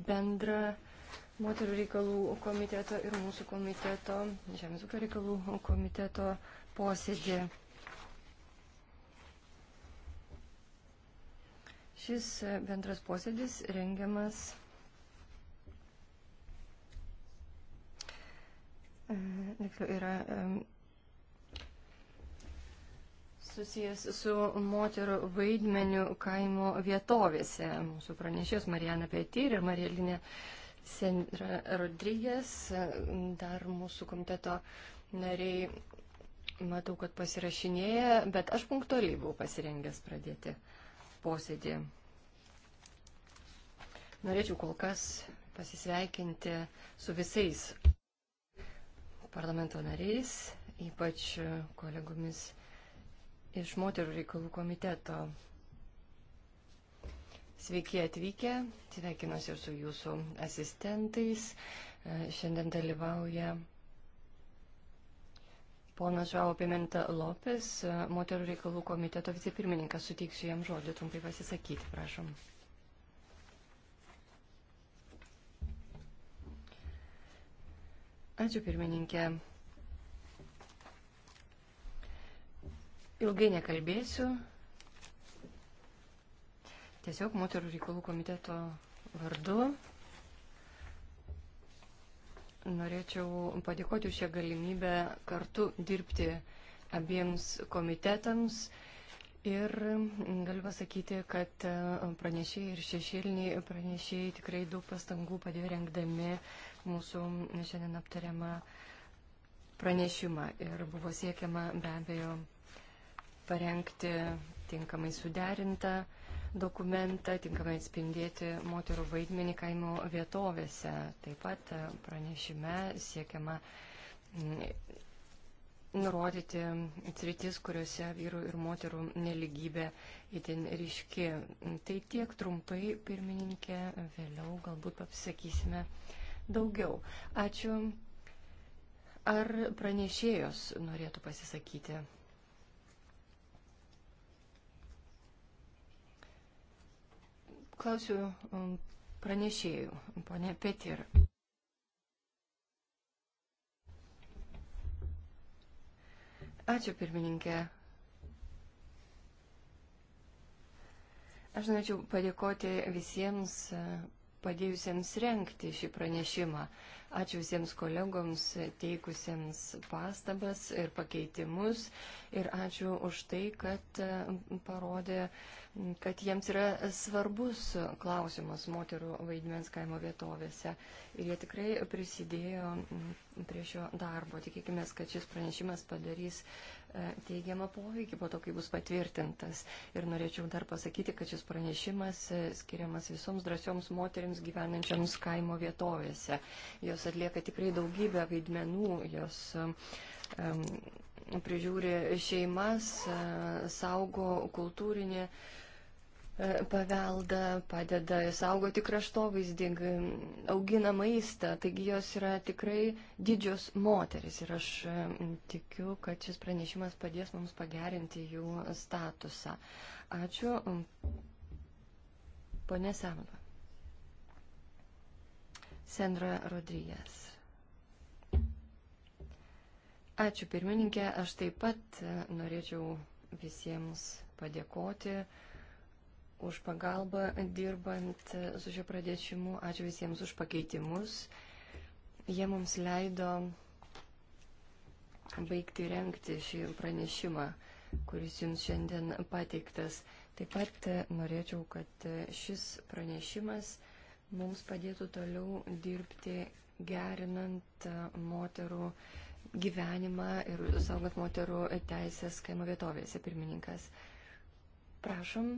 bendrą moterų reikalų komiteto ir mūsų komiteto, Žemės ūkio reikalų komiteto posėdį. Šis bendras posėdis rengiamas e, yra e, susijęs su moterų vaidmeniu kaimo vietovėse. Mūsų pranešės Marijana Petir ir Marielinė Sendra Rodrygės, dar mūsų komiteto nariai, matau, kad pasirašinėja, bet aš punktualiai buvau pasirengęs pradėti posėdį. Norėčiau kol kas pasisveikinti su visais parlamento nariais, ypač kolegomis iš moterų reikalų komiteto. Sveiki atvykę, sveikinuosi ir su jūsų asistentais. E, šiandien dalyvauja ponas Žao Pimenta Lopes, e, moterų reikalų komiteto vicepirmininkas. Suteiksiu jam žodį trumpai pasisakyti, prašom. Ačiū pirmininkė. Ilgai nekalbėsiu. Tiesiog moterų reikalų komiteto vardu norėčiau padėkoti už šią galimybę kartu dirbti abiems komitetams. Ir galiu pasakyti, kad pranešėjai ir šešėliniai pranešėjai tikrai daug pastangų padėjo rengdami mūsų šiandien aptariamą pranešimą. Ir buvo siekiama be abejo parengti tinkamai suderintą dokumentą, tinkamai atspindėti moterų vaidmenį kaimo vietovėse. Taip pat pranešime siekiama mm, nurodyti sritis, kuriuose vyrų ir moterų neligybė itin ryški. Tai tiek trumpai, pirmininkė, vėliau galbūt pasakysime daugiau. Ačiū. Ar pranešėjos norėtų pasisakyti? Klausiu um, pranešėjų, ponė Petir. Ačiū pirmininkė. Aš norėčiau padėkoti visiems uh, padėjusiems renkti šį pranešimą. Ačiū visiems kolegoms teikusiems pastabas ir pakeitimus. Ir ačiū už tai, kad parodė, kad jiems yra svarbus klausimas moterų vaidmens kaimo vietovėse. Ir jie tikrai prisidėjo prie šio darbo. Tikėkime, kad šis pranešimas padarys E, teigiamą poveikį po to, kai bus patvirtintas. Ir norėčiau dar pasakyti, kad šis pranešimas e, skiriamas visoms drąsioms moteriams gyvenančiams kaimo vietovėse. Jos atlieka tikrai daugybę vaidmenų, jos um, prižiūri šeimas, e, saugo kultūrinį. Uh, E, paveldą, padeda saugoti kraštovaizdį, augina maistą, taigi jos yra tikrai didžios moteris ir aš e, tikiu, kad šis pranešimas padės mums pagerinti jų statusą. Ačiū. Pone Samva. Sandra Rodrijas. Ačiū pirmininkė, aš taip pat e, norėčiau visiems padėkoti už pagalbą dirbant su šio pradėšimu. Ačiū visiems už pakeitimus. Jie mums leido baigti renkti šį pranešimą, kuris jums šiandien pateiktas. Taip pat norėčiau, kad šis pranešimas mums padėtų toliau dirbti gerinant moterų gyvenimą ir saugant moterų teisės kaimo vietovėse, pirmininkas. Prašom,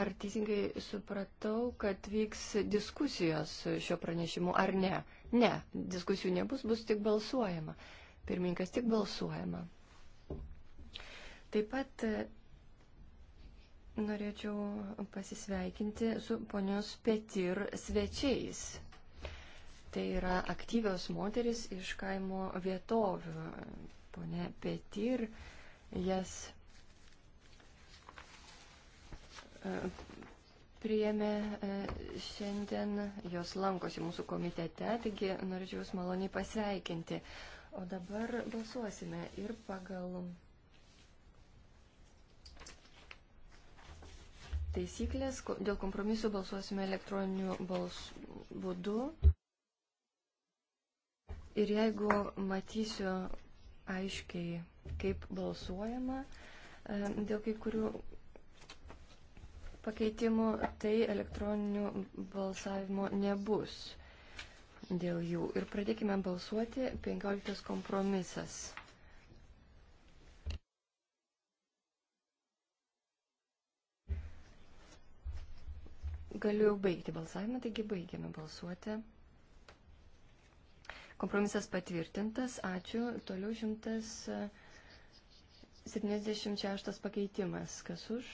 Ar teisingai supratau, kad vyks diskusijos šio pranešimu, ar ne? Ne, diskusijų nebus, bus tik balsuojama. Pirmininkas tik balsuojama. Taip pat e, norėčiau pasisveikinti su ponios Petir svečiais. Tai yra aktyvios moteris iš kaimo vietovių. Pone Petir. Uh, jas e, priėmė e, šiandien, jos lankosi mūsų komitete, taigi norėčiau Jūs maloniai pasveikinti. O dabar balsuosime ir pagal taisyklės, dėl kompromisų balsuosime elektroniniu balsu būdu. Ir jeigu matysiu aiškiai kaip balsuojama e, dėl kai kurių pakeitimų, tai elektroninių balsavimo nebus dėl jų. Ir pradėkime balsuoti 15 kompromisas. Galiu jau baigti balsavimą, taigi baigiame balsuoti. Kompromisas patvirtintas. Ačiū. Toliau 100. 76 pakeitimas. Kas už?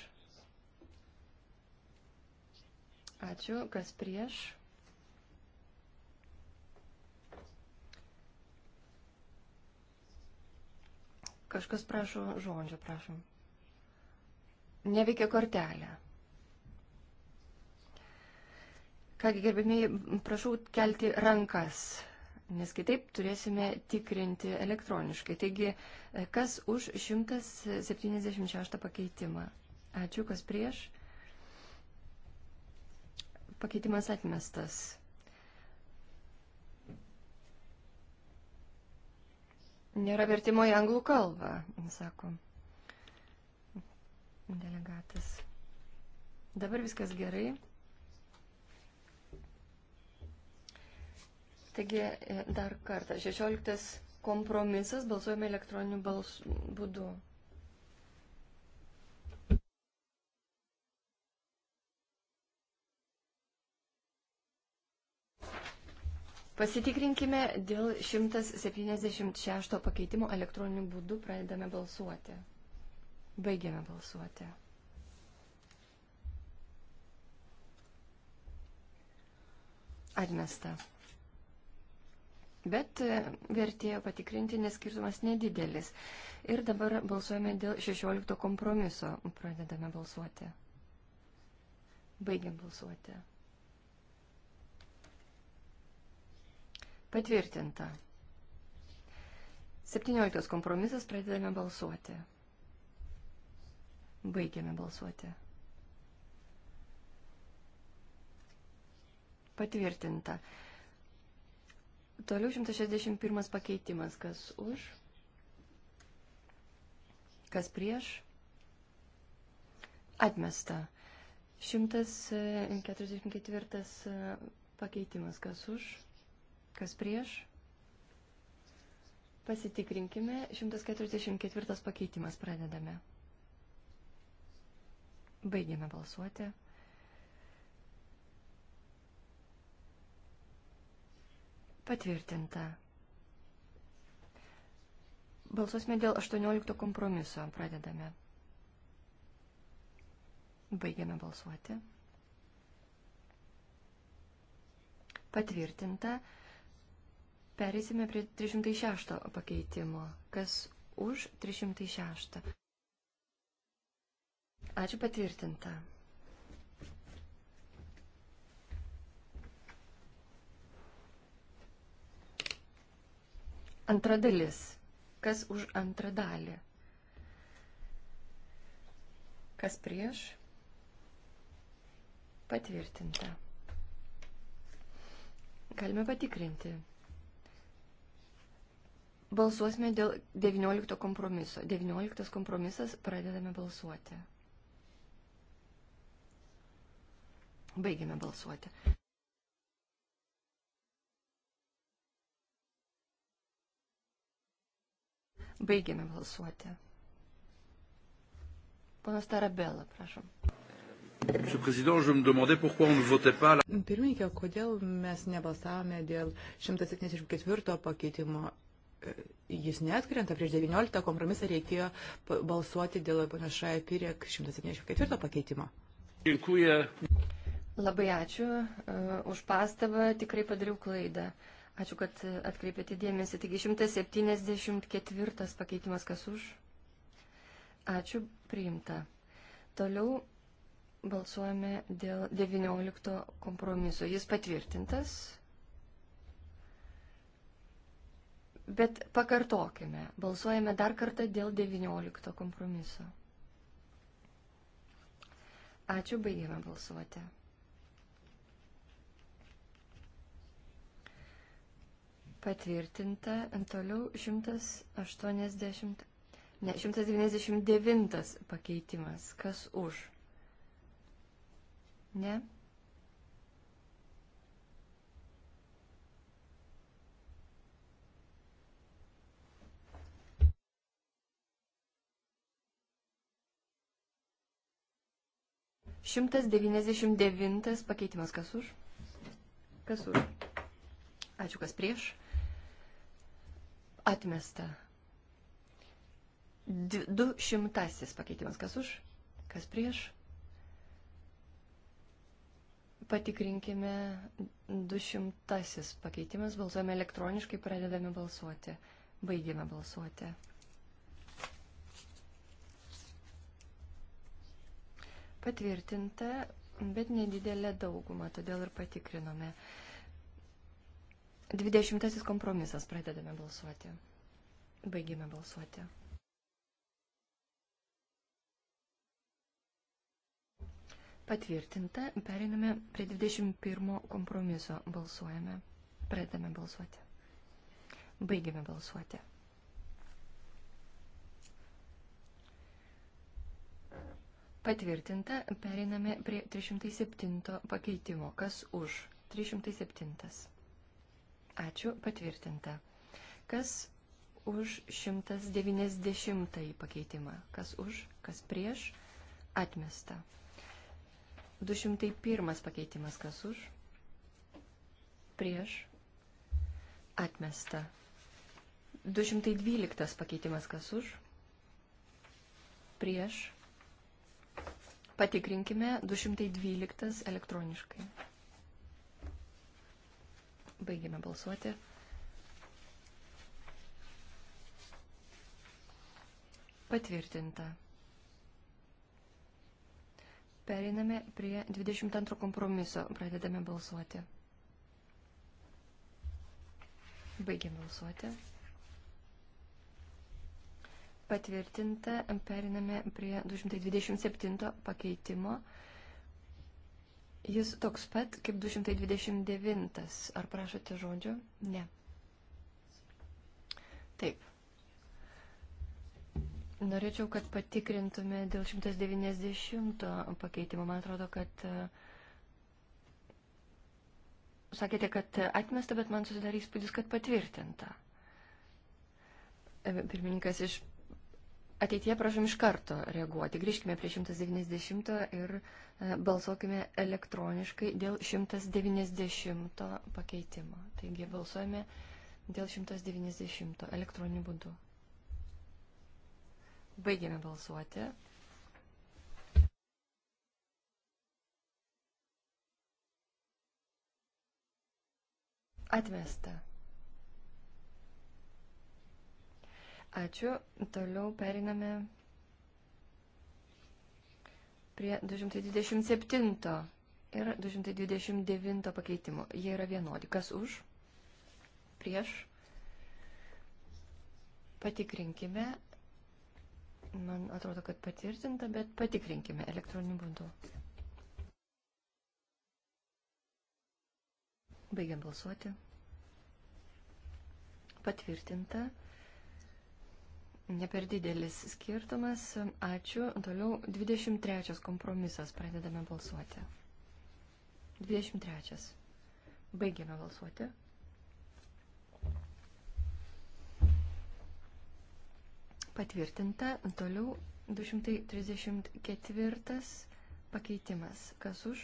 Ačiū. Kas prieš? Kažkas prašo žodžio, prašom. Neveikia kortelė. Kągi, gerbimiai, prašau kelti rankas nes kitaip turėsime tikrinti elektroniškai. Taigi, e, kas už 176 pakeitimą? Ačiū, kas prieš? Pakeitimas atmestas. Nėra vertimo į anglų kalbą, sako delegatas. Dabar viskas gerai. Taigi e, dar kartą, 16 kompromisas balsuojame elektroniniu balsu, būdu. Pasitikrinkime dėl 176 pakeitimo elektroniniu būdu pradedame balsuoti. Baigiame balsuoti. Atmesta. Bet e, vertėjo patikrinti, nes skirtumas nedidelis. Ir dabar balsuojame dėl 16 kompromiso. Pradedame balsuoti. Baigiam balsuoti. Patvirtinta. 17 kompromisas pradedame balsuoti. Baigiame balsuoti. Patvirtinta. Toliau 161 pakeitimas. Kas už? Kas prieš? Atmesta. 144 e, pakeitimas. Kas už? Kas prieš? Pasitikrinkime. 144 pakeitimas pradedame. Baigėme balsuoti. Patvirtinta. Balsuosime dėl 18 kompromiso. Pradedame. Baigiame balsuoti. Patvirtinta. Pereisime prie 306 pakeitimo. Kas už 306? Ačiū patvirtinta. Antra dalis. Kas už antrą dalį? Kas prieš? Patvirtinta. Galime patikrinti. Balsuosime dėl 19 kompromiso. 19 kompromisas pradedame balsuoti. Baigiame balsuoti. Baigėme balsuoti. Ponas Tarabela, prašom. Pirmininkė, kodėl mes nebalsavome dėl 174 pakeitimo? E, jis netkrenta, prieš 19 kompromisą reikėjo balsuoti dėl panašai pirėk 174 pakeitimo. Dėkuoju. Labai ačiū uh, už pastabą, tikrai padariau klaidą. Uh, Ačiū, kad atkreipėte dėmesį. Taigi 174 pakeitimas kas už. Ačiū, priimta. Toliau balsuojame dėl 19 kompromiso. Jis patvirtintas. Bet pakartokime. Balsuojame dar kartą dėl 19 kompromiso. Ačiū, baigėme balsuoti. Patvirtinta. Toliau 180. Ne, 199 pakeitimas. Kas už? Ne? Šimtas devyniasdešimt devintas pakeitimas. Kas už? Kas už? Ačiū, kas prieš. Atmesta. Du šimtasis pakeitimas. Kas už? Kas prieš? Patikrinkime du šimtasis pakeitimas. Balsuojame elektroniškai, pradedame balsuoti. Baigėme balsuoti. Patvirtinta, bet nedidelė dauguma, todėl ir patikrinome. Dvidešimtasis kompromisas pradedame balsuoti. Baigime balsuoti. Patvirtinta, periname prie 21 kompromiso. Balsuojame. Pradedame balsuoti. Baigime balsuoti. Patvirtinta, periname prie 307 pakeitimo. Kas už? 307. Ačiū, patvirtinta. Kas už 190 pakeitimą? Kas už, kas prieš? Atmesta. 201 pakeitimas. Kas už? Prieš? Atmesta. 212 pakeitimas. Kas už? Prieš? Patikrinkime 212 elektroniškai. Baigėme balsuoti. Patvirtinta. Pereiname prie 22 kompromiso. Pradedame balsuoti. Baigiam balsuoti. Patvirtinta. Pereiname prie 227 pakeitimo. Jis toks pat kaip 229. Ar prašote žodžio? Ne. Taip. Norėčiau, kad patikrintume dėl 190 pakeitimo. Man atrodo, kad e, sakėte, kad atmesta, bet man susidarys įspūdis, kad patvirtinta. E, pirmininkas iš Ateitie prašom iš karto reaguoti. Grįžkime prie 190 ir e, balsuokime elektroniškai dėl 190 pakeitimo. Taigi balsuojame dėl 190 elektroniniu būdu. Baigėme balsuoti. Atmesta. Ačiū. Toliau periname prie 227 ir 229 pakeitimų. Jie yra vienodi. Kas už? Prieš? Patikrinkime. Man atrodo, kad patvirtinta, bet patikrinkime elektroniniu būdu. Baigiam balsuoti. Patvirtinta. Ne per didelis skirtumas. Ačiū. Toliau 23 kompromisas. Pradedame balsuoti. 23. Baigiame balsuoti. Patvirtinta. Toliau 234 pakeitimas. Kas už?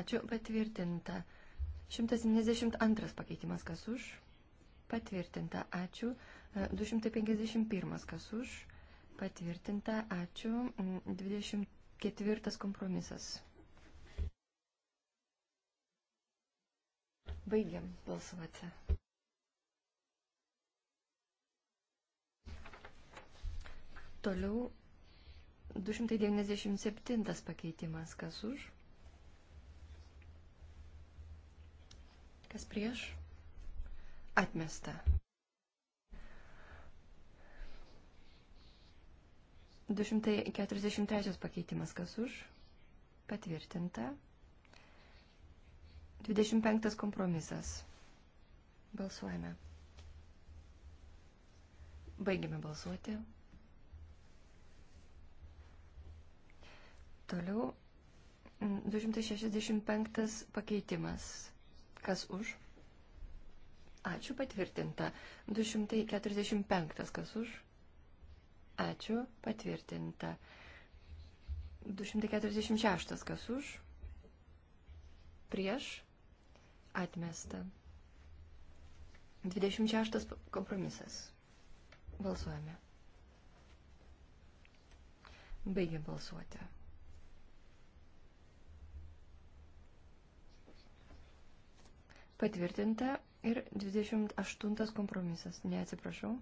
Ačiū. Patvirtinta. 172 pakeitimas. Kas už? Patvirtinta. Ačiū. 251 kas už, patvirtinta, ačiū. 24 kompromisas. Baigiam balsuoti. Toliau 297 pakeitimas kas už. Kas prieš? Atmesta. 243 pakeitimas kas už? Patvirtinta. 25 kompromisas. Balsuojame. Baigime balsuoti. Toliau 265 pakeitimas. Kas už? Ačiū patvirtinta. 245 kas už? Ačiū, patvirtinta. 246 kas už, prieš, atmesta. 26 kompromisas. Balsuojame. Baigiam balsuoti. Patvirtinta ir 28 kompromisas. Neatsiprašau.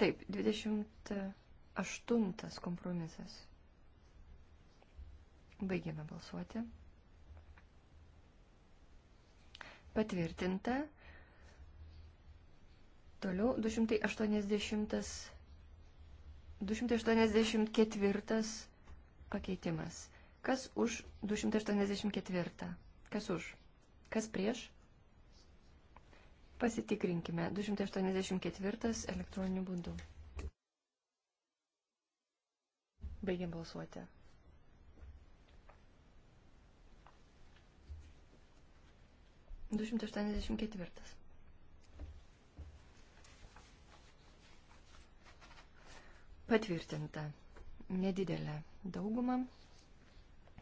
Taip, 28 kompromisas. Baigėme balsuoti. Patvirtinta. Toliau 280. 284 pakeitimas. Kas už 284? Kas už? Kas prieš? Pasitikrinkime 284 elektroniniu būdu. Baigiam balsuoti. Du šimtai aštuoniasdešimt ketvirtas. Patvirtinta nedidelė dauguma.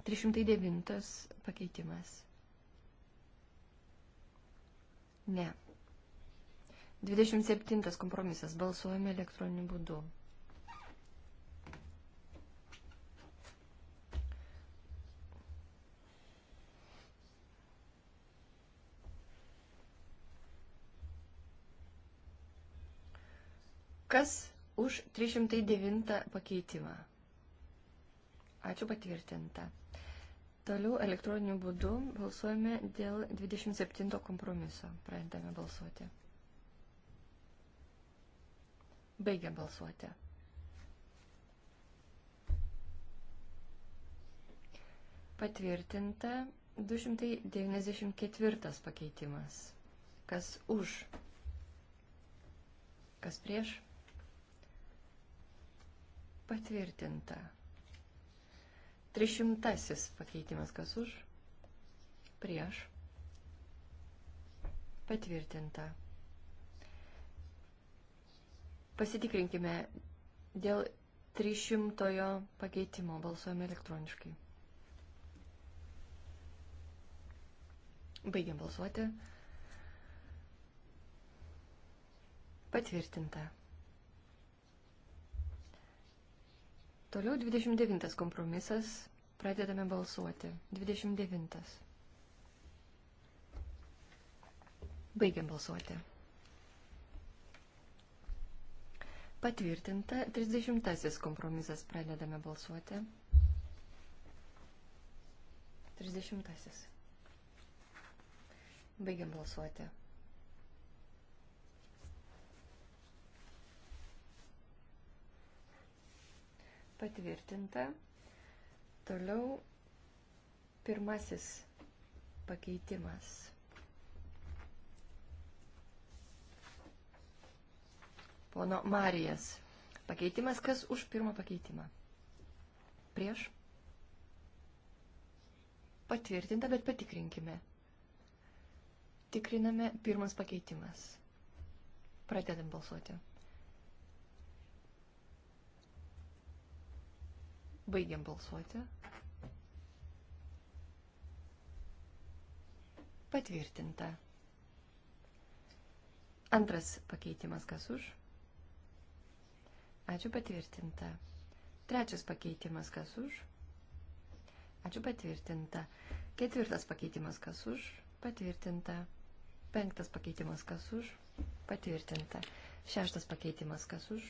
309 pakeitimas. Ne, 27 kompromisas. Balsuojame elektroniniu būdu. Kas už 309 pakeitimą? Ačiū patvirtinta. Toliau elektroniniu būdu balsuojame dėl 27 kompromiso. Pradedame balsuoti. Baigia balsuoti. Patvirtinta 294 pakeitimas. Kas už? Kas prieš? Patvirtinta. 300 pakeitimas. Kas už? Prieš. Patvirtinta. Pasitikrinkime dėl 300 pakeitimo balsuojame elektroniškai. Baigiam balsuoti. Patvirtinta. Toliau 29 kompromisas. Pradedame balsuoti. 29. Baigiam balsuoti. Patvirtinta 30 kompromisas. Pradedame balsuoti. 30. Baigiam balsuoti. Patvirtinta. Toliau pirmasis pakeitimas. pono Marijas. Pakeitimas, kas už pirmą pakeitimą? Prieš? Patvirtinta, bet patikrinkime. Tikriname pirmas pakeitimas. Pradedam balsuoti. Baigiam balsuoti. Patvirtinta. Antras pakeitimas, kas už? Ačiū patvirtinta. Trečias pakeitimas kas už? Ačiū patvirtinta. Ketvirtas pakeitimas kas už? Patvirtinta. Penktas pakeitimas kas už? Patvirtinta. Šeštas pakeitimas kas už?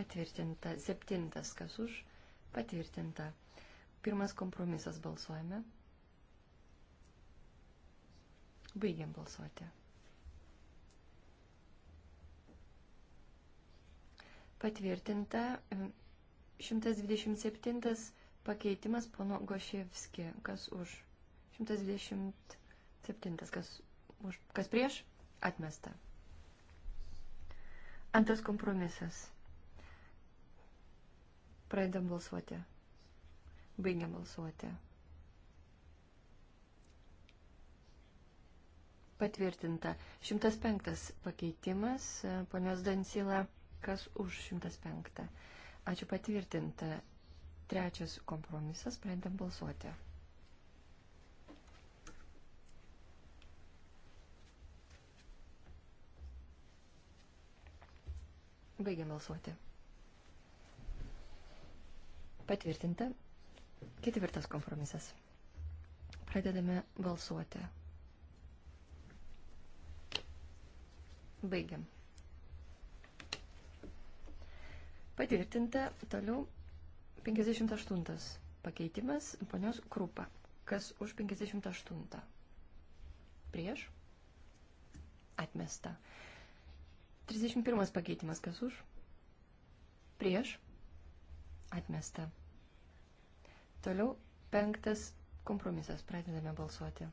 Patvirtinta. Septintas kas už? Patvirtinta. Pirmas kompromisas balsuojame. Baigiam balsuoti. Patvirtinta 127 e, pakeitimas pono Gošievski. Kas už? 127. Kas, už, kas prieš? Atmesta. Antras kompromisas. Pradedam balsuoti. Baigiam balsuoti. Patvirtinta. 105 pakeitimas. E, ponios Dansila Kas už 105? Ačiū patvirtinta. Trečias kompromisas, pradedam balsuoti. Baigiam balsuoti. Patvirtinta. Ketvirtas kompromisas. Pradedame balsuoti. Baigiam. Patvirtinta toliau 58 pakeitimas ponios Krupa. Kas už 58? Prieš? Atmesta. 31 pakeitimas kas už? Prieš? Atmesta. Toliau penktas kompromisas. Pradedame balsuoti.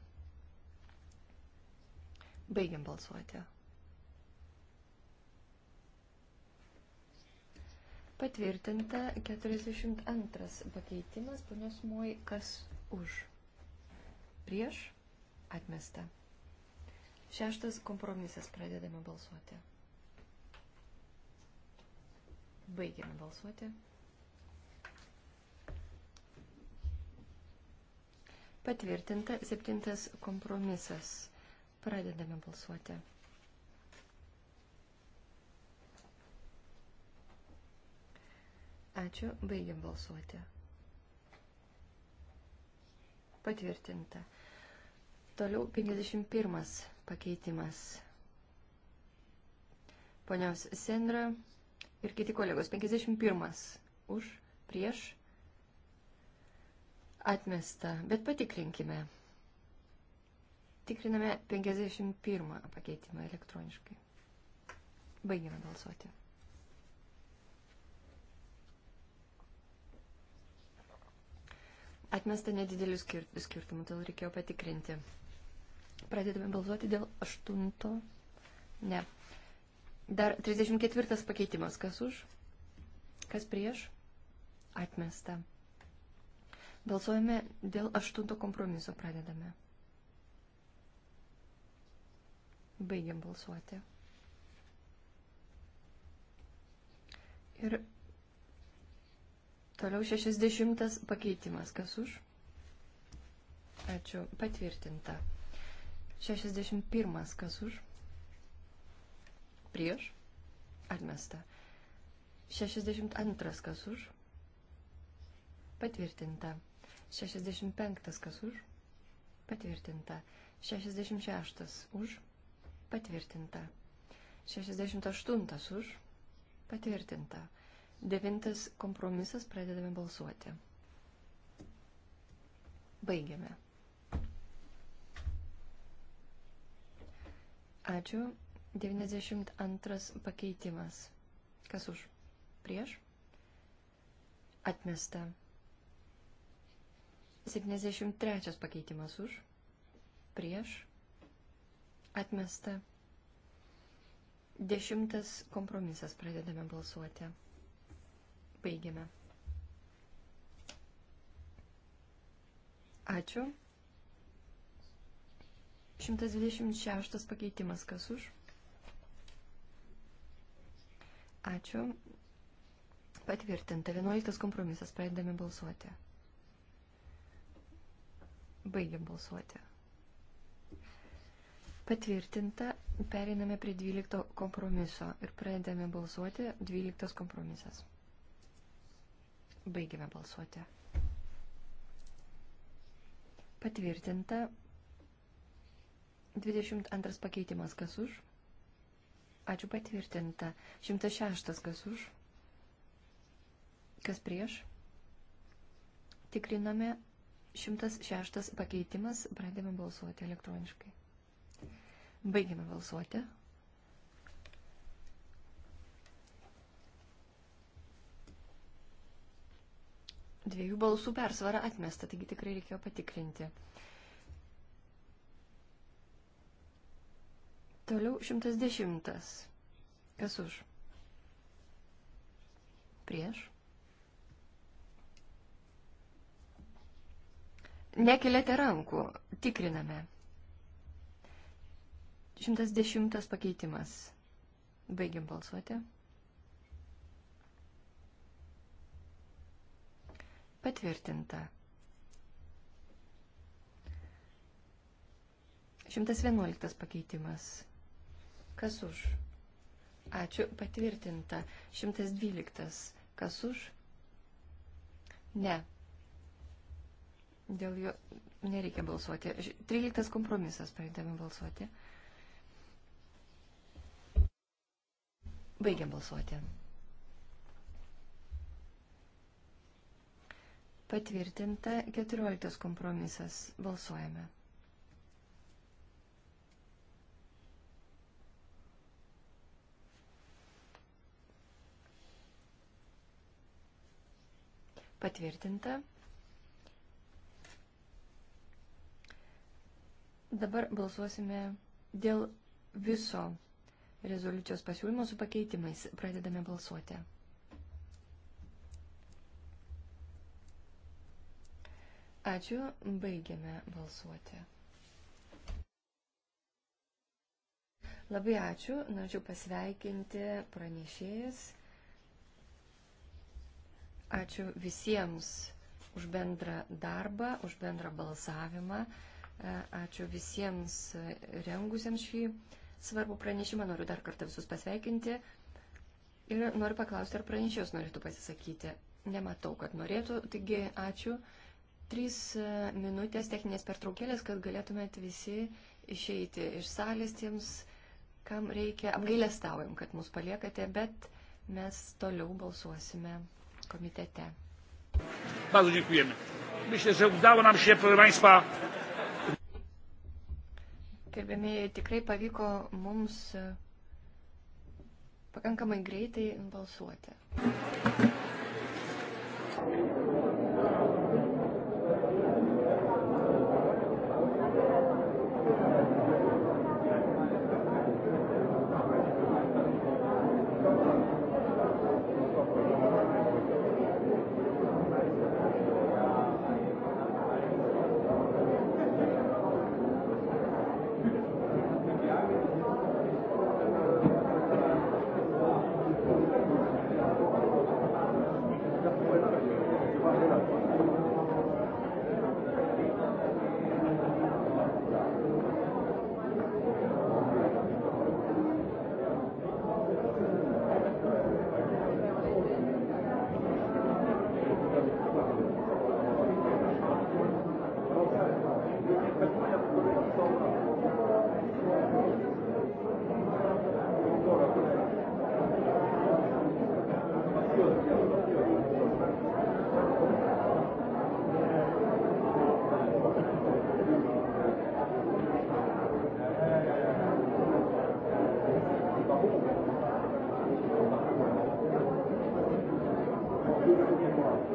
Baigiam balsuoti. Patvirtinta 42 pakeitimas, ponios Moj, kas už. Prieš atmesta. Šeštas kompromisas pradedame balsuoti. Baigiame balsuoti. Patvirtinta septintas kompromisas. Pradedame balsuoti. Ačiū, baigiam balsuoti. Patvirtinta. Toliau 51 pakeitimas. Ponios Sendra ir kiti kolegos. 51 už, prieš, atmesta, bet patikrinkime. Tikriname 51 pakeitimą elektroniškai. Baigime balsuoti. Atmesta nedidelių skirtumų, todėl reikėjo patikrinti. Pradėtume balsuoti dėl aštunto. Ne. Dar 34 pakeitimas. Kas už? Kas prieš? Atmesta. Balsuojame dėl aštunto kompromiso. Pradedame. Baigiam balsuoti. Ir Toliau 60 pakeitimas. Kas už? Ačiū. Patvirtinta. 61. Kas už? Prieš? Atmesta. 62. Kas už? Patvirtinta. 65. Kas už? Patvirtinta. 66. Už? Patvirtinta. 68. Už? Patvirtinta. Devintas kompromisas pradedame balsuoti. Baigiame. Ačiū. 92 pakeitimas. Kas už? Prieš? Atmesta. 73 pakeitimas už? Prieš? Atmesta. Dešimtas kompromisas pradedame balsuoti. Baigiame. Ačiū. 126 pakeitimas kas už? Ačiū. Patvirtinta. 11 kompromisas. Pradedame balsuoti. Baigiam balsuoti. Patvirtinta. Periname prie 12 kompromiso ir pradedame balsuoti 12 kompromisas. Baigime balsuoti. Patvirtinta 22 pakeitimas kas už. Ačiū patvirtinta. 106 kas už. Kas prieš. Tikriname 106 pakeitimas. Pradėme balsuoti elektroniškai. Baigime balsuoti. Dviejų balsų persvara atmesta, taigi tikrai reikėjo patikrinti. Toliau 110. Kas už? Prieš. Nekeliate rankų. Tikriname. 110 pakeitimas. Baigiam balsuoti. Patvirtinta. 111 pakeitimas. Kas už? Ačiū, patvirtinta. 112. Kas už? Ne. Dėl jo nereikia balsuoti. 13 kompromisas pradedame balsuoti. Baigiam balsuoti. Patvirtinta 14 kompromisas. Balsuojame. Patvirtinta. Dabar balsuosime dėl viso rezoliucijos pasiūlymo su pakeitimais. Pradedame balsuoti. Ačiū, baigiame balsuoti. Labai ačiū, norėčiau pasveikinti pranešėjus. Ačiū visiems už bendrą darbą, už bendrą balsavimą. E, ačiū visiems rengusiems šį svarbų pranešimą. Noriu dar kartą visus pasveikinti. Ir noriu paklausti, ar pranešėjus norėtų pasisakyti. Nematau, kad norėtų. Taigi, ačiū. Trys e, minutės techninės pertraukėlės, kad galėtumėt visi išeiti iš salės tiems, kam reikia. Apgailę staujam, kad mus paliekate, bet mes toliau balsuosime komitete. Bardzo dziękujemy. Myślę, że udało nam się, proszę Państwa. Gerbėmėjai, tikrai pavyko mums e, pakankamai greitai balsuoti. Thank you.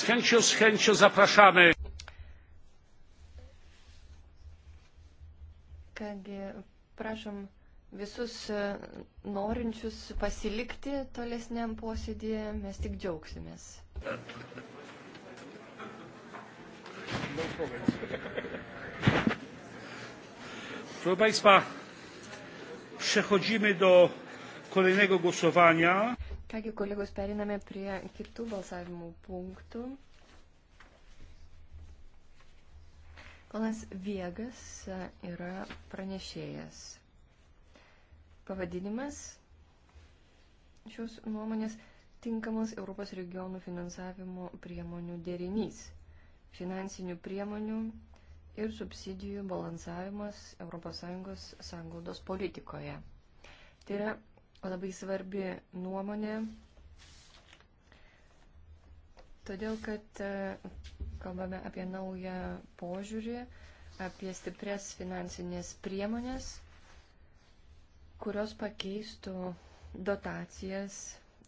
Z chęcią, z chęcią zapraszamy. Kągi, prašom visus e, norinčius pasilikti tolesniam posėdėje, mes tik džiaugsimės. Proszę Państwa, przechodzimy do kolejnego głosowania. Kągi, kolegos, periname prie kitų balsavimų punktų. Ponas Viegas yra pranešėjas. Pavadinimas šios nuomonės tinkamas Europos regionų finansavimo priemonių derinys - finansinių priemonių ir subsidijų balansavimas ES sąnglaudos politikoje. Tai yra labai svarbi nuomonė, todėl kad e, kalbame apie naują požiūrį, apie stipres finansinės priemonės, kurios pakeistų dotacijas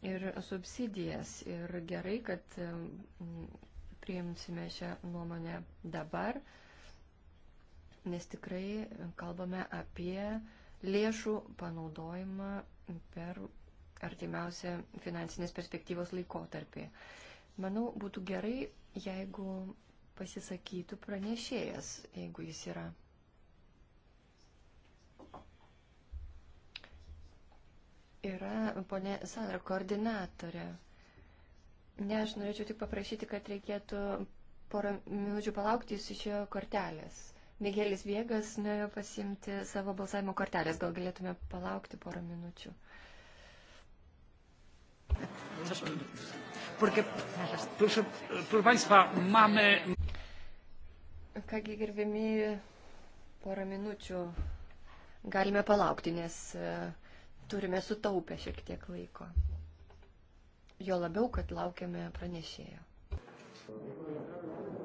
ir subsidijas. Ir gerai, kad e, priimsime šią nuomonę dabar, nes tikrai kalbame apie lėšų panaudojimą per artimiausią finansinės perspektyvos laikotarpį. Manau, būtų gerai, jeigu pasisakytų pranešėjas, jeigu jis yra. Yra ponė Sandra, koordinatorė. Ne, aš norėčiau tik paprašyti, kad reikėtų porą minučių palaukti, jis išėjo kortelės. Miguelis Viegas nuėjo pasimti savo balsavimo kortelės. Gal galėtume palaukti porą minučių. Kągi gerbimi, porą minučių galime palaukti, nes e, turime sutaupę šiek tiek laiko. Jo labiau, kad laukiame pranešėjo. Thank you.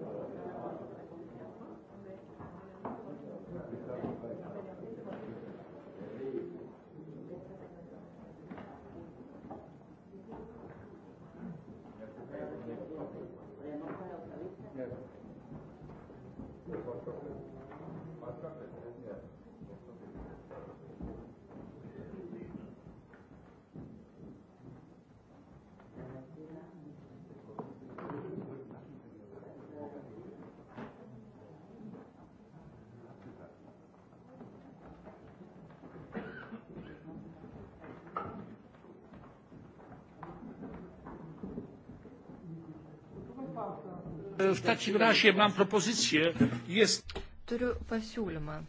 w takim razie mam propozycję. Jest... Turiu pasiūlymą.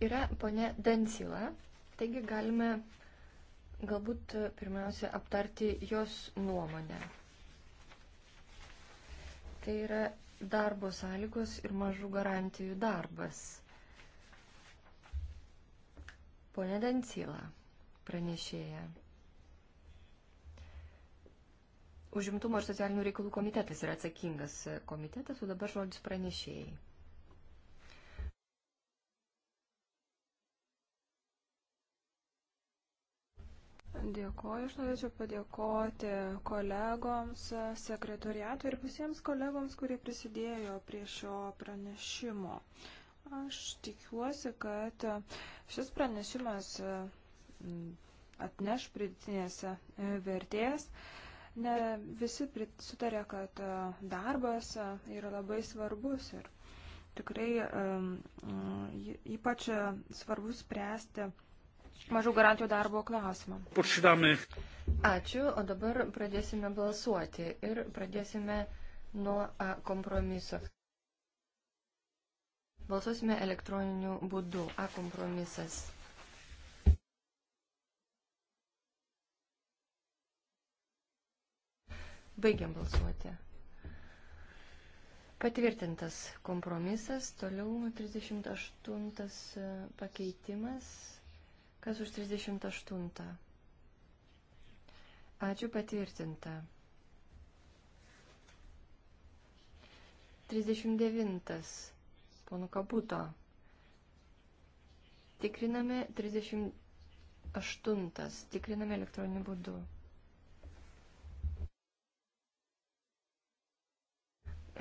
Yra ponia Densila, taigi galime galbūt pirmiausia aptarti jos nuomonę. Tai yra darbo sąlygos ir mažų garantijų darbas. Pone Dancila, pranešėja. Užimtumo ir socialinių reikalų komitetas yra atsakingas komitetas, o dabar žodis pranešėjai. Dėkoju, aš norėčiau padėkoti kolegoms, sekretoriatui ir visiems kolegoms, kurie prisidėjo prie šio pranešimo. Aš tikiuosi, kad šis pranešimas mm, atneš pridėtinės vertės. Ne visi sutarė, kad e, darbas e, yra labai svarbus ir tikrai ypač e, svarbus spręsti mažų garantijų darbo klausimą. Počiname. Ačiū, o dabar pradėsime balsuoti ir pradėsime nuo A kompromiso. Balsuosime elektroniniu būdu. A kompromisas. Baigiam balsuoti. Patvirtintas kompromisas, toliau 38 e, pakeitimas. Kas už 38? Ačiū patvirtinta. 39. Pono Kabuto. Tikriname 38. Tikriname elektroniniu būdu.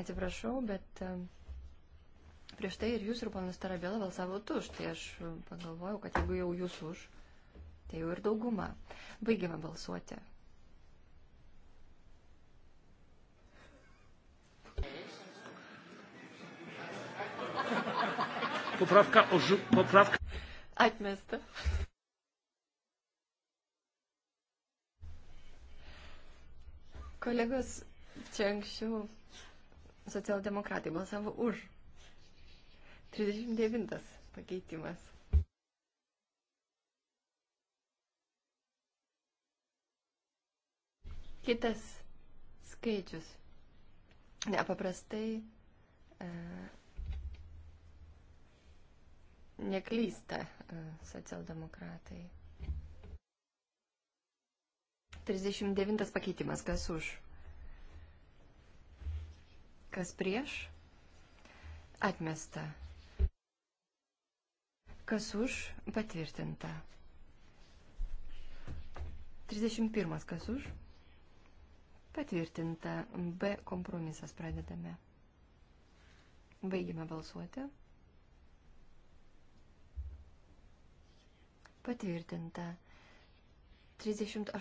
Atsiprašau, bet e, prieš tai ir jūs, ir ponas Tarabėla, balsavot už. Tai aš pagalvojau, kad jeigu jau jūs už, tai jau ir dauguma. Baigėme balsuoti. Poprawka, oży... poprawka. Atmesta. Kolegos, čia anksčiau Socialdemokratai balsavo už. 39 pakeitimas. Kitas skaičius. Nepaprastai e, neklysta e, socialdemokratai. 39 pakeitimas. Kas už? Kas prieš? Atmesta. Kas už? Patvirtinta. 31. Kas už? Patvirtinta. B kompromisas pradedame. Baigime balsuoti. Patvirtinta. 38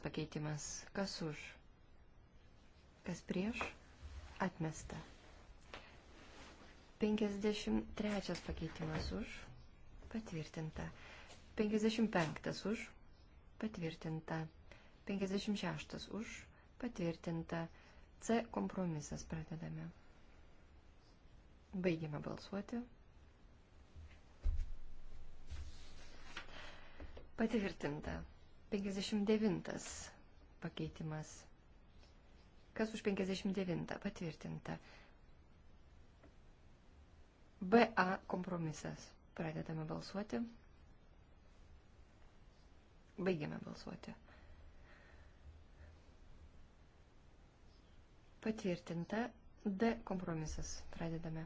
pakeitimas. Kas už? Kas prieš? Atmesta. 53 pakeitimas už. Patvirtinta. 55 už. Patvirtinta. 56 už. Patvirtinta. C kompromisas pradedame. Baigiame balsuoti. Patvirtinta. 59 pakeitimas Kas už 59 patvirtinta. BA kompromisas. Pradedame balsuoti. Baigiame balsuoti. Patvirtinta D kompromisas. Pradedame.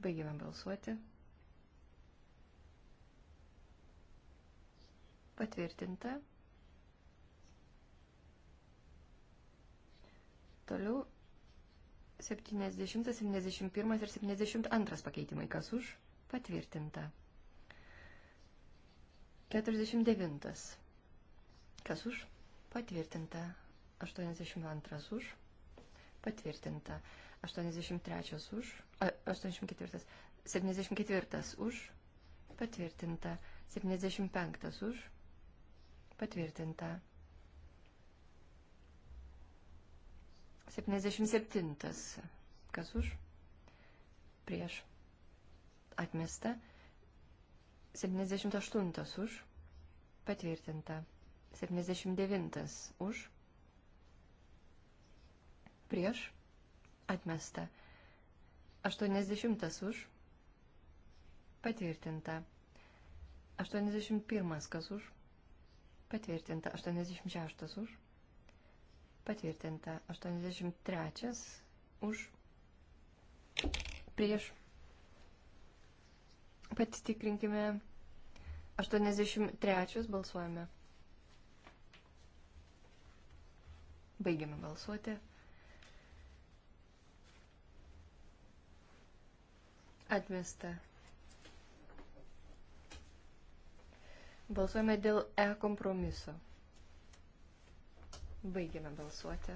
Baigiame balsuoti. Patvirtinta. Toliau 70, 71 ir 72 pakeitimai. Kas už? Patvirtinta. 49. Kas už? Patvirtinta. 82 už. Patvirtinta. 83 už. A, 84. 74 už. Patvirtinta. 75 už. Patvirtinta. 77. Kas už? Prieš. Atmesta. 78 už. Patvirtinta. 79 už. Prieš. Atmesta. 80 už. Patvirtinta. 81 kas už. Patvirtinta. 86 už. Patvirtinta. 83 už. Prieš. Patikrinkime. 83 balsuojame. Baigiame balsuoti. Atmesta. Balsuojame dėl E kompromiso. Baigiame balsuoti.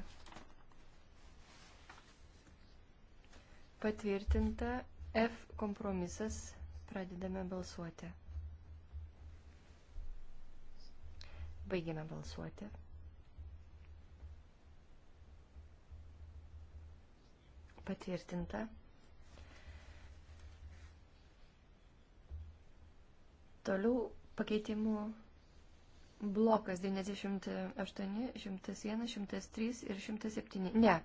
Patvirtinta F kompromisas. Pradedame balsuoti. Baigiame balsuoti. Patvirtinta. Toliau pakeitimų blokas 98, 101, 103 ir 107. Ne,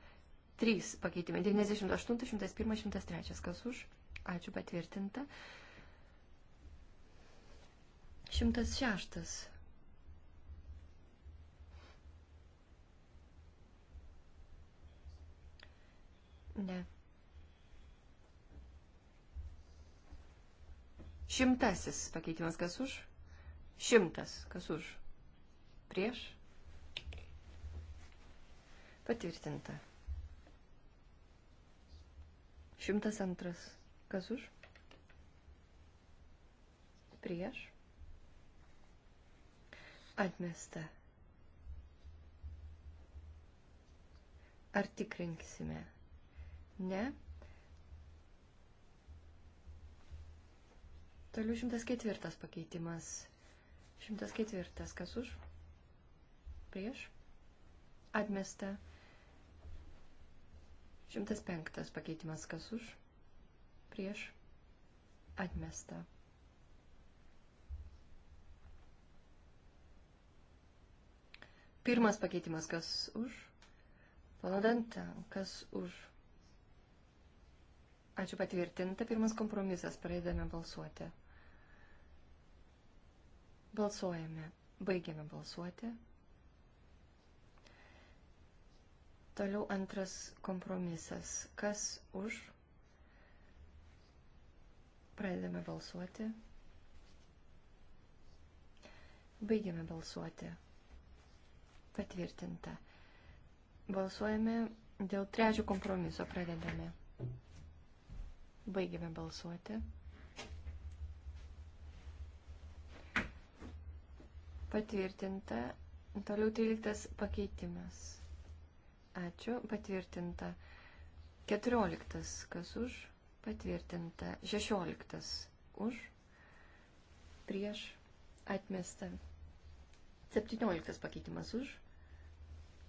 3 pakeitimai. 98, 101, 103. Kas už? Ačiū patvirtinta. 106. Ne. Šimtasis pakeitimas kas už? Šimtas kas už? prieš, patvirtinta. 102, kas už, prieš, atmesta. Ar tikrinksime? Ne. Toliau 104 pakeitimas. 104. Kas už? prieš, atmesta. 105 pakeitimas kas už, prieš, atmesta. Pirmas pakeitimas kas už, panodanta, kas už. Ačiū patvirtinta, pirmas kompromisas, pradedame balsuoti. Balsuojame, baigiame balsuoti. Toliau antras kompromisas. Kas už? Pradedame balsuoti. Baigiame balsuoti. Patvirtinta. Balsuojame dėl trečio kompromiso. Pradedame. Baigiame balsuoti. Patvirtinta. Toliau 13 pakeitimas. Ačiū, patvirtinta. Keturioliktas, kas už, patvirtinta. Šešioliktas, už, prieš, atmesta. Septynioliktas pakeitimas už,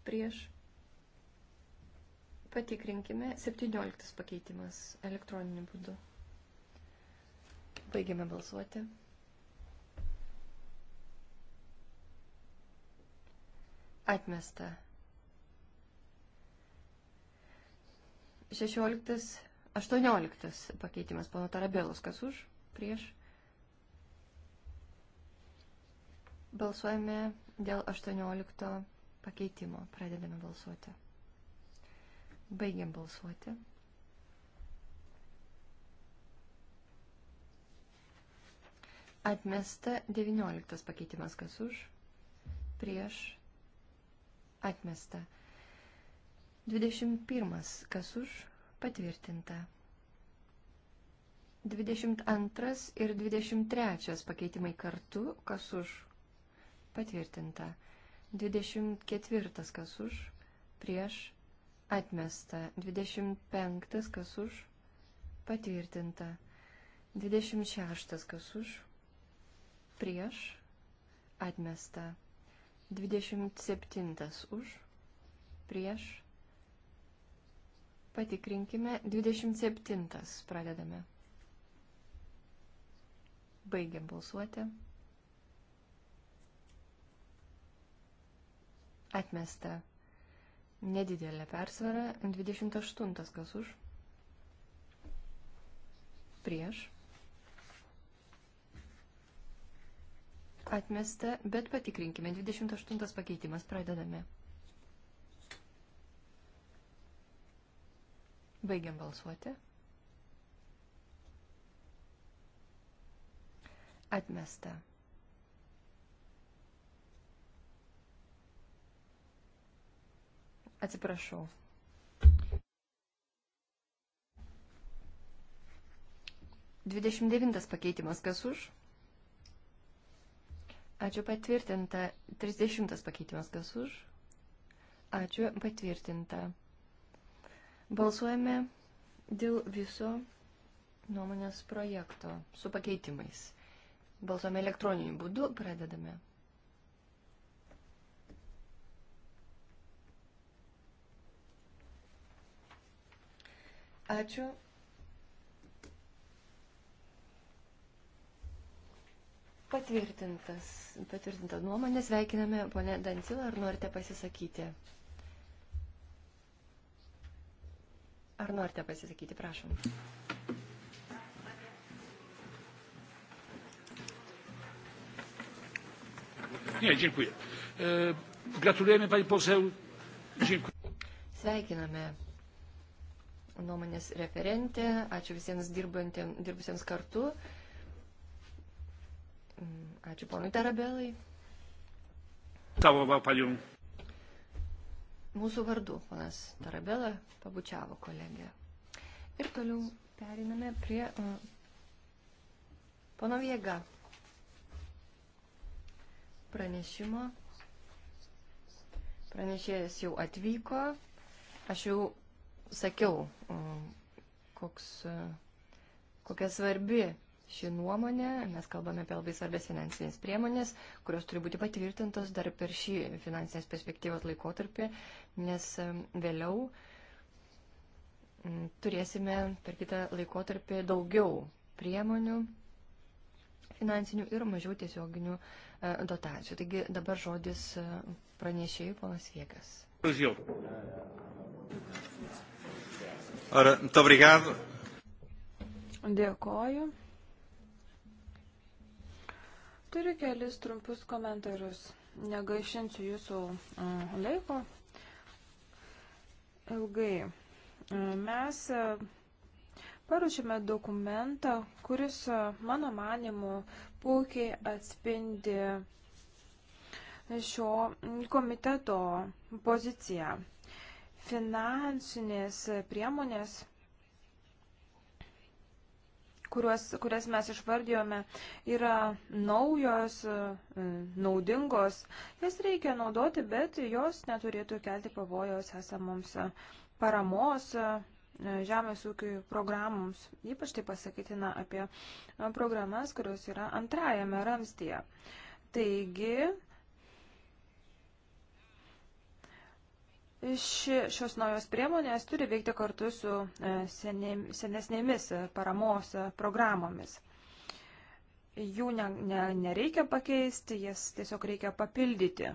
prieš. Patikrinkime, septynioliktas pakeitimas elektroniniu būdu. Baigiame balsuoti. Atmesta. 16, 18 pakeitimas pono Tarabėlos, kas už, prieš. Balsuojame dėl 18 pakeitimo, pradedame balsuoti. Baigiam balsuoti. Atmesta 19 pakeitimas, kas už, prieš, atmesta 19. 21. Kas už? Patvirtinta. 22 ir 23 pakeitimai kartu. Kas už? Patvirtinta. 24. Kas už? Prieš. Atmesta. 25. Kas už? Patvirtinta. 26. Kas už? Prieš. Atmesta. 27. Už. Prieš Patikrinkime 27. Pradedame. Baigiam balsuoti. Atmesta nedidelė persvara. 28. Kas už? Prieš. Atmesta, bet patikrinkime. 28 pakeitimas. Pradedame. Baigiam balsuoti. Atmesta. Atsiprašau. Dvidešimt devintas pakeitimas kas už? Ačiū patvirtinta. Trisdešimtas pakeitimas kas už? Ačiū patvirtinta. Balsuojame dėl viso nuomonės projekto su pakeitimais. Balsuojame elektroniniu būdu, pradedame. Ačiū. Patvirtintas, patvirtinta nuomonė, sveikiname ponę Dancilą, ar norite pasisakyti? Ar norite pasisakyti, prašom. Nie, dziękuję. E, gratulujemy pani poseł. Dziękuję. Sveikiname nuomonės referentę. Ačiū visiems dirbusiems kartu. Mm, ačiū ponui Tarabelai. Tavo va, paniom. Mūsų vardu, ponas Tarabela pabučiavo kolegę. Ir toliau periname prie uh, pono Viega pranešimo. Pranešėjas jau atvyko. Aš jau sakiau, e, koks, e, kokia svarbi ši nuomonė. Mes kalbame apie labai svarbės finansinės priemonės, kurios turi būti patvirtintos dar per šį finansinės perspektyvos laikotarpį, nes vėliau turėsime per kitą laikotarpį daugiau priemonių finansinių ir mažiau tiesioginių e, dotacijų. Taigi dabar žodis e, pranešėjų ponas Viekas. Ar, muito obrigado. Dėkoju. Turiu kelis trumpus komentarus. Negaišinsiu jūsų mm, laiko ilgai. Mm, mes mm, paruošėme dokumentą, kuris, mano manimu, puikiai atspindi šio komiteto poziciją. Finansinės priemonės kuriuos, kurias mes išvardijome, yra naujos, e, naudingos. Jas reikia naudoti, bet jos neturėtų kelti pavojos esamoms paramos e, žemės ūkių programoms. Ypač tai pasakytina apie programas, kurios yra antrajame ramstyje. Taigi, Ši, šios naujos priemonės turi veikti kartu su e, senesnėmis e, paramos e, programomis. Jų ne, ne, nereikia pakeisti, jas tiesiog reikia papildyti.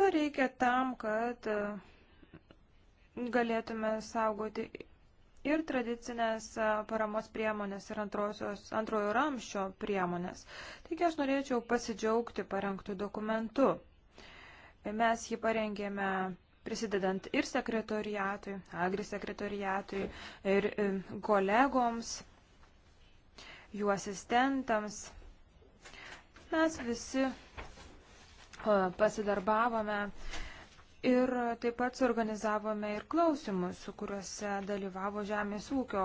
To reikia tam, kad galėtume saugoti ir tradicinės paramos priemonės ir antrosios, antrojo ramščio priemonės. Taigi aš norėčiau pasidžiaugti parengtų dokumentų. Mes jį parengėme prisidedant ir sekretoriatui, agri sekretoriatui ir e, kolegoms, jų asistentams. Mes visi pasidarbavome Ir taip pat suorganizavome ir klausimus, kuriuose dalyvavo žemės ūkio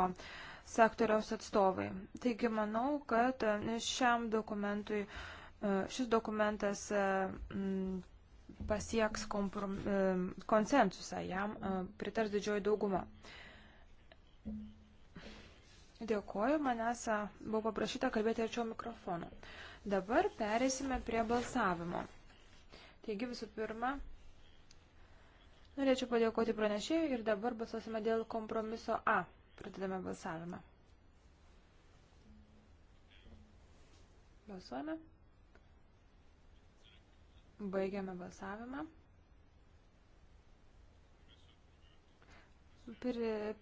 sektoriaus atstovai. Taigi manau, kad šiam dokumentui, šis dokumentas mm, pasieks komprom, mm, konsensusą, jam e, pritars didžioji dauguma. Dėkoju, manęs e, buvo paprašyta kalbėti arčiau mikrofonu. Dabar perėsime prie balsavimo. Taigi visų pirma, Norėčiau padėkoti pranešėjui ir dabar balsuosime dėl kompromiso A. Pradedame balsavimą. Balsuojame. Baigiame balsavimą.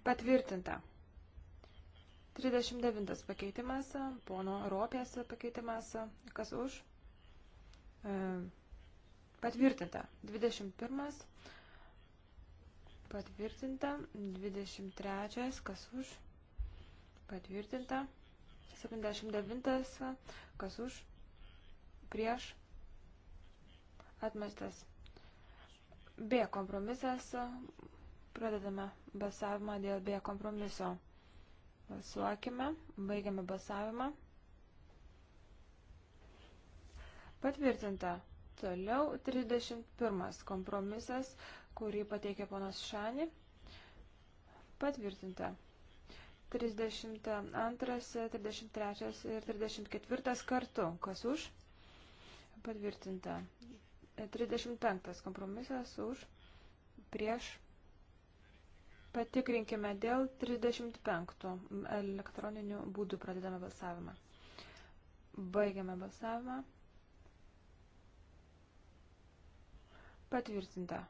Patvirtinta. 39 pakeitimas, pono Europės pakeitimas, kas už? E, patvirtinta. 21 Patvirtinta. 23. Kas už? Patvirtinta. 79. Kas už? Prieš. Atmestas. B kompromisas. Pradedame balsavimą dėl B kompromiso. Balsuokime. Baigiame balsavimą. Patvirtinta. Toliau 31. Kompromisas. Kompromisas kurį pateikė ponas Šani. Patvirtinta. 32, 33 ir 34 kartu. Kas už? Patvirtinta. 35 kompromisas už. Prieš. Patikrinkime dėl 35 elektroninių būdų pradedame balsavimą. Baigiame balsavimą. Patvirtinta.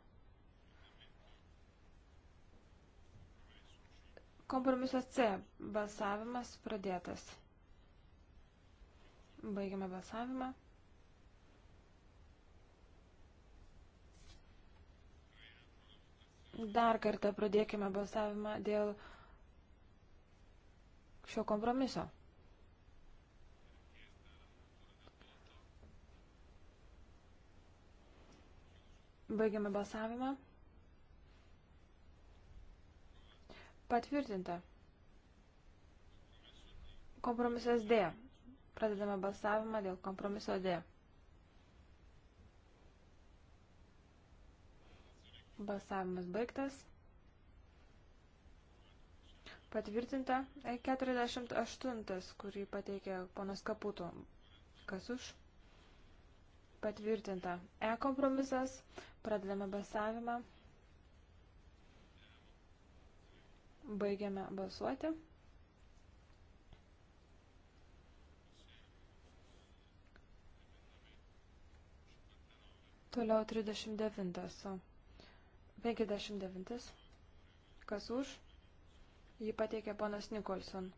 Kompromisas C. Balsavimas pradėtas. Baigiame balsavimą. Dar kartą pradėkime balsavimą dėl šio kompromiso. Baigiame balsavimą. Patvirtinta. Kompromisas D. Pradedame balsavimą dėl kompromiso D. Balsavimas baigtas. Patvirtinta 48, e, kurį pateikė ponas Kaputo. Kas už? Patvirtinta E kompromisas. Pradedame balsavimą. Baigiame balsuoti. Toliau 39. 59. Kas už? Jį pateikė ponas Nikolson.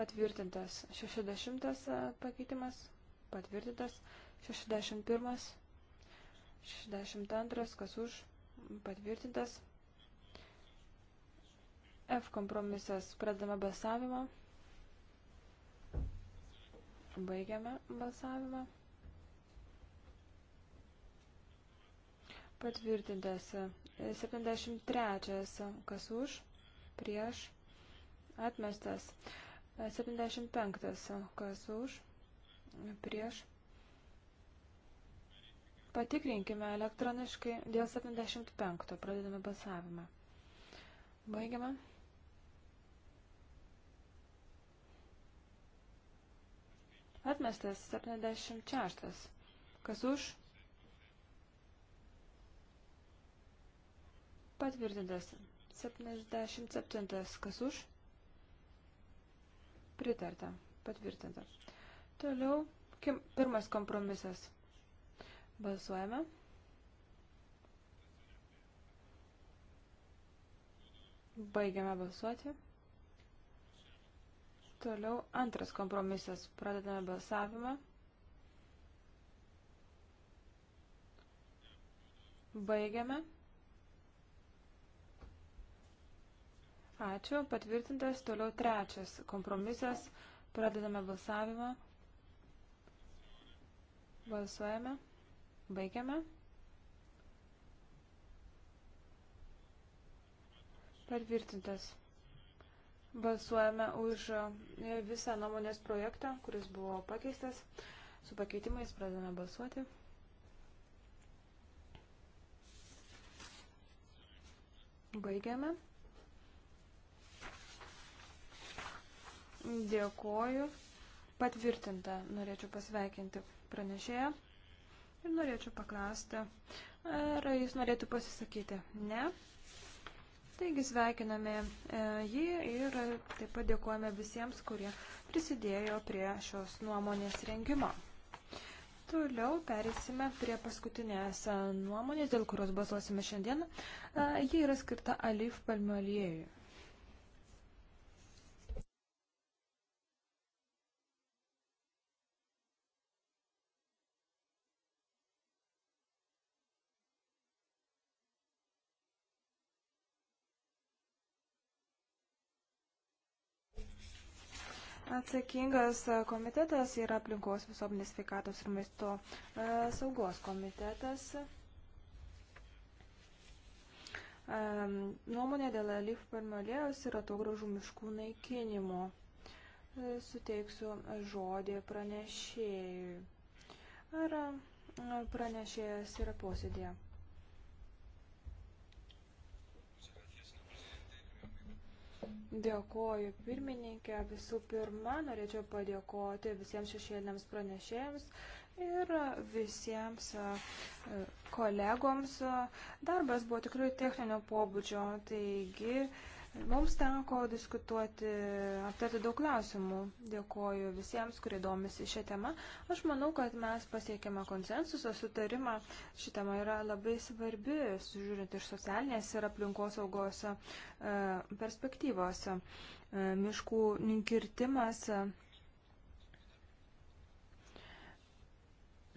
Patvirtintas 60 e, pakeitimas. Patvirtintas 61. 62. Kas už? Patvirtintas F kompromisas. Pradame balsavimą. Baigiame balsavimą. Patvirtintas. 73. Kas už? Prieš. Atmestas. 75. Kas už? Prieš. Patikrinkime elektroniškai dėl 75. Pradedame balsavimą. Baigiame. Atmestas 76. Kas už? Patvirtintas 77. Kas už? Pritarta. Patvirtinta. Toliau kim, pirmas kompromisas. Balsuojame. Baigiame balsuoti. Toliau antras kompromisas. Pradedame balsavimą. Baigiame. Ačiū. Patvirtintas toliau trečias kompromisas. Pradedame balsavimą. Balsuojame. Baigiame. Patvirtintas. Balsuojame už e, visą nuomonės projektą, kuris buvo pakeistas. Su pakeitimais pradame balsuoti. Baigiame. Dėkoju. Patvirtinta. Norėčiau pasveikinti pranešėją. Ir norėčiau paklausti, ar jis norėtų pasisakyti. Ne. Taigi sveikiname e, jį ir taip pat dėkojame visiems, kurie prisidėjo prie šios nuomonės rengimo. Toliau perėsime prie paskutinės e, nuomonės, dėl kurios balsuosime šiandien. E, ji yra skirta Alif Palmioliejui. Atsakingas e, komitetas yra aplinkos visuomenės sveikatos ir maisto e, saugos komitetas. E, nuomonė dėl Alif Parmalėjos ir atogražų miškų naikinimo. Suteiksiu žodį pranešėjui. Ar pranešėjas yra posėdėje? Dėkoju pirmininkė. Visų pirma, norėčiau padėkoti visiems šešėliniams pranešėjams ir visiems e, kolegoms. Darbas buvo tikrai techninio pobūdžio, taigi Mums teko diskutuoti, aptarti daug klausimų. Dėkuoju visiems, kurie domisi šią temą. Aš manau, kad mes pasiekėme konsensusą, sutarimą. Ši tema yra labai svarbi, sužiūrint iš socialinės ir aplinkosaugos e, perspektyvos. E, miškų kirtimas.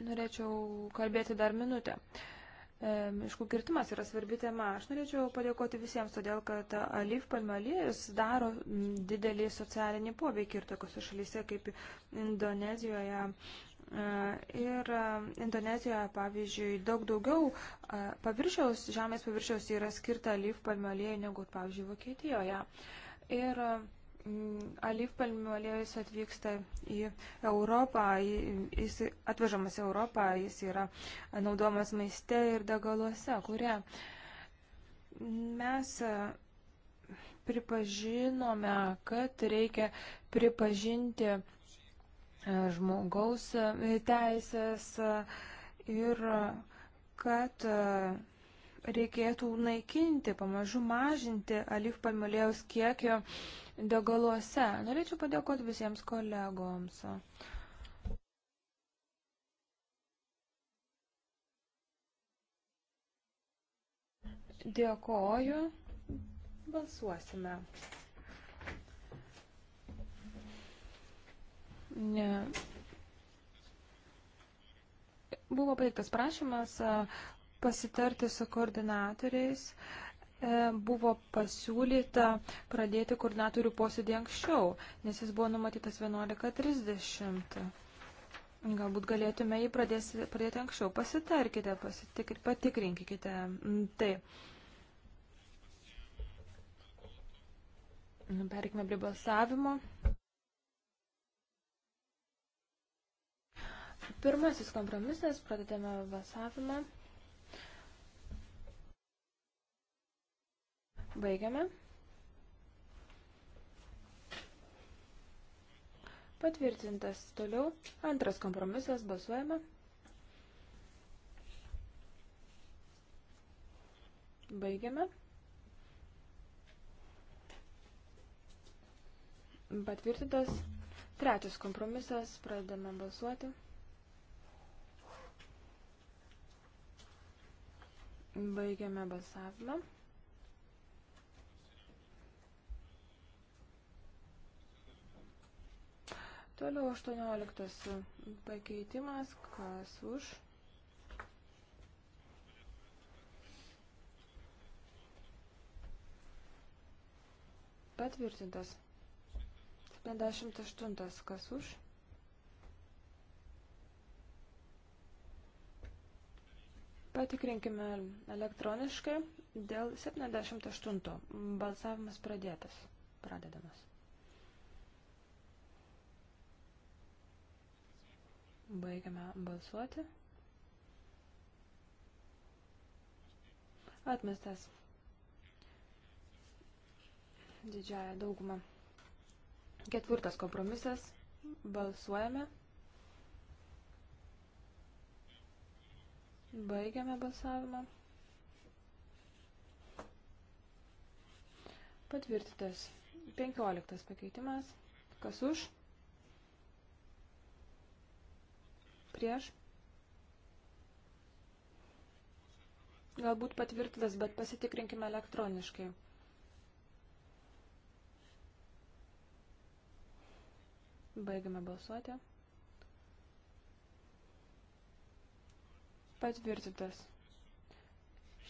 Norėčiau kalbėti dar minutę. Uh, E, miškų kirtimas yra svarbi tema. Aš norėčiau padėkoti visiems, todėl kad alyvpalmių aliejus daro didelį socialinį poveikį ir tokiuose šalyse kaip Indonezijoje. E, ir e, Indonezijoje, pavyzdžiui, daug daugiau paviršiaus, žemės paviršiaus yra skirta alyvpalmių aliejų negu, pavyzdžiui, Vokietijoje. Ir uh, Mm, alyvpalmių aliejus atvyksta į Europą, jis atvežamas į Europą, jis yra naudojamas maiste ir degaluose, kurie mes e, pripažinome, kad reikia pripažinti e, žmogaus e, teisės ir kad reikėtų naikinti, pamažu mažinti alyv palmiulėjaus kiekio degaluose. Norėčiau padėkoti visiems kolegoms. Dėkoju. Balsuosime. Ne. Buvo pateiktas prašymas pasitarti su koordinatoriais. E, buvo pasiūlyta pradėti koordinatorių posėdį anksčiau, nes jis buvo numatytas 11.30. Galbūt galėtume jį pradės, pradėti anksčiau. Pasitarkite, pasitik, patikrinkite. Tai. Nu, Perikime prie balsavimo. Pirmasis kompromisas, pradedame balsavimą. Baigiame. Patvirtintas. Toliau antras kompromisas. Balsuojame. Baigiame. Patvirtintas. Trečias kompromisas. Pradedame balsuoti. Baigiame balsavimą. Toliau 18 pakeitimas, kas už. Patvirtintas. 78, kas už. Patikrinkime elektroniškai dėl 78. Balsavimas pradėtas. Pradedamas. Baigiame balsuoti. Atmestas didžiąją daugumą. Ketvirtas kompromisas. Balsuojame. Baigiame balsavimą. Patvirtytas. Penkioliktas pakeitimas. Kas už? prieš. Galbūt patvirtintas, bet pasitikrinkime elektroniškai. Baigiame balsuoti. Patvirtintas.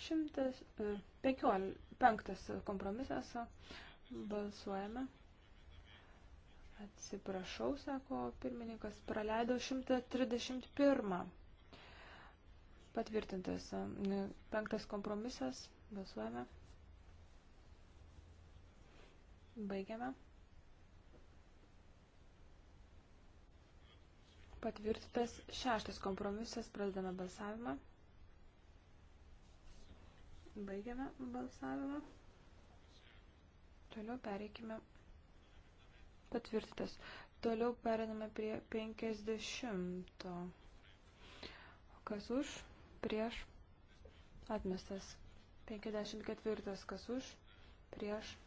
115 e, kompromisas. Balsuojame. Atsiprašau, sako pirmininkas, praleido 131. Patvirtintas penktas kompromisas. Balsuojame. Baigiame. Patvirtintas šeštas kompromisas. Pradedame balsavimą. Baigiame balsavimą. Toliau pereikime Patvirtintas. Toliau periname prie 50. Kas už? Prieš. Atmestas. 54. Kas už? Prieš.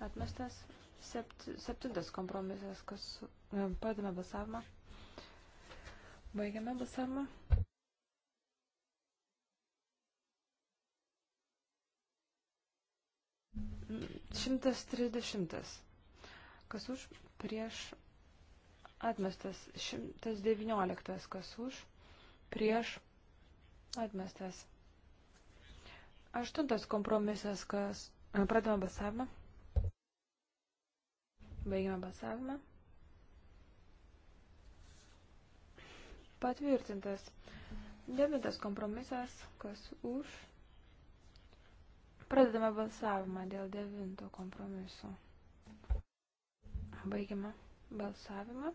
Atmestas. 7. Kompromisas. Kas e, Pradame balsavimą. Baigiame balsavimą. Šimtas trisdešimtas kas už, prieš, atmestas 119, kas už, prieš, atmestas. Aštuntas kompromisas, kas, pradame balsavimą, baigime balsavimą. Patvirtintas. Devintas kompromisas, kas už. Pradedame balsavimą dėl devinto kompromiso. Baigiame balsavimą.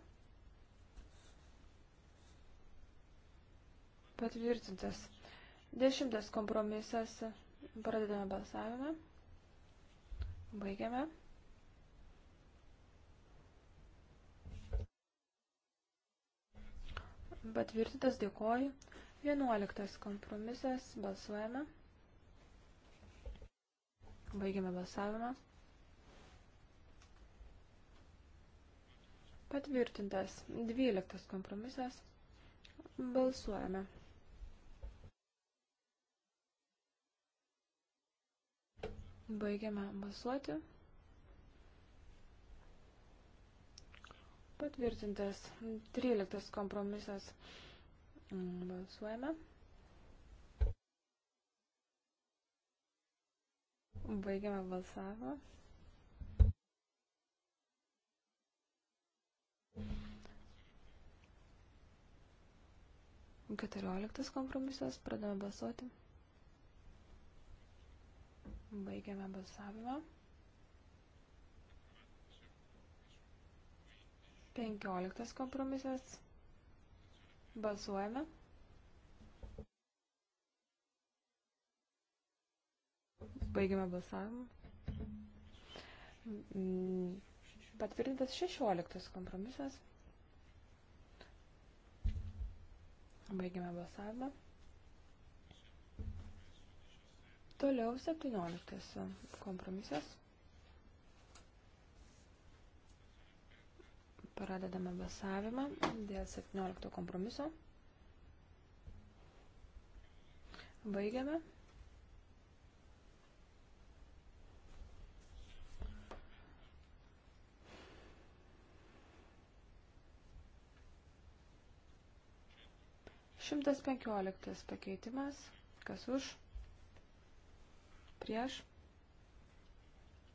Patvirtintas. Dešimtas kompromisas. Pradedame balsavimą. Baigiame. Patvirtintas dėkoju. Vienuoliktas kompromisas. Balsuojame. Baigiame balsavimą. Patvirtintas. Dvyliktas kompromisas. Balsuojame. Baigiame balsuoti. Patvirtintas 13 kompromisas. Balsuojame. Baigiame balsavimą. 14 kompromisas, pradame balsuoti. Baigiame balsavimą. 15 kompromisas. Balsuojame. Baigiame balsavimą. Mm, patvirtintas 16 kompromisas. Baigiame balsavimą. Toliau 17 kompromisas. Pradedame balsavimą dėl 17 kompromiso. Baigiame. 115 pakeitimas. Kas už? Prieš.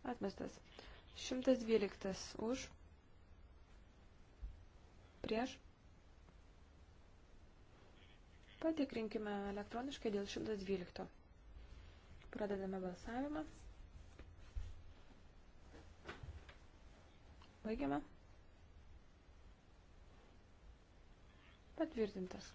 Atmestas. 112 už. Prieš. Patikrinkime elektroniškai dėl 112. Pradedame balsavimą. Baigiame. Patvirtintas.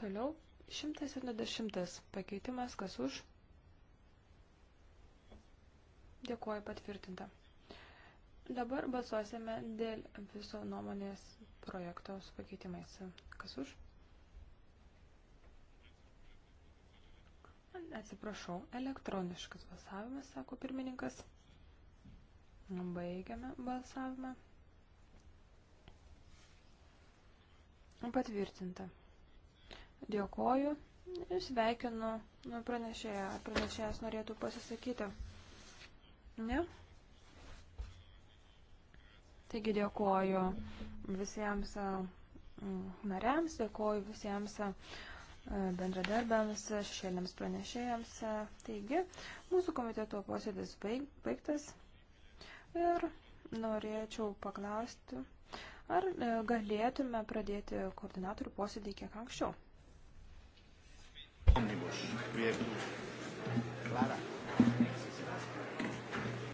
Toliau 170 pakeitimas, kas už. Dėkuoju patvirtinta. Dabar balsuosime dėl viso nuomonės projekto su pakeitimais. Kas už? Atsiprašau, elektroniškas balsavimas, sako pirmininkas. Baigiame balsavimą. Patvirtinta. Dėkoju ir sveikinu nu, pranešėją. Ar pranešėjas norėtų pasisakyti? Ne? Taigi dėkoju visiems mm, nariams, dėkoju visiems bendradarbiams, šešėliams pranešėjams. Taigi, mūsų komiteto posėdis baigtas ir norėčiau paklausti, ar e, galėtume pradėti koordinatorių posėdį kiek anksčiau. Omnibus. Clara.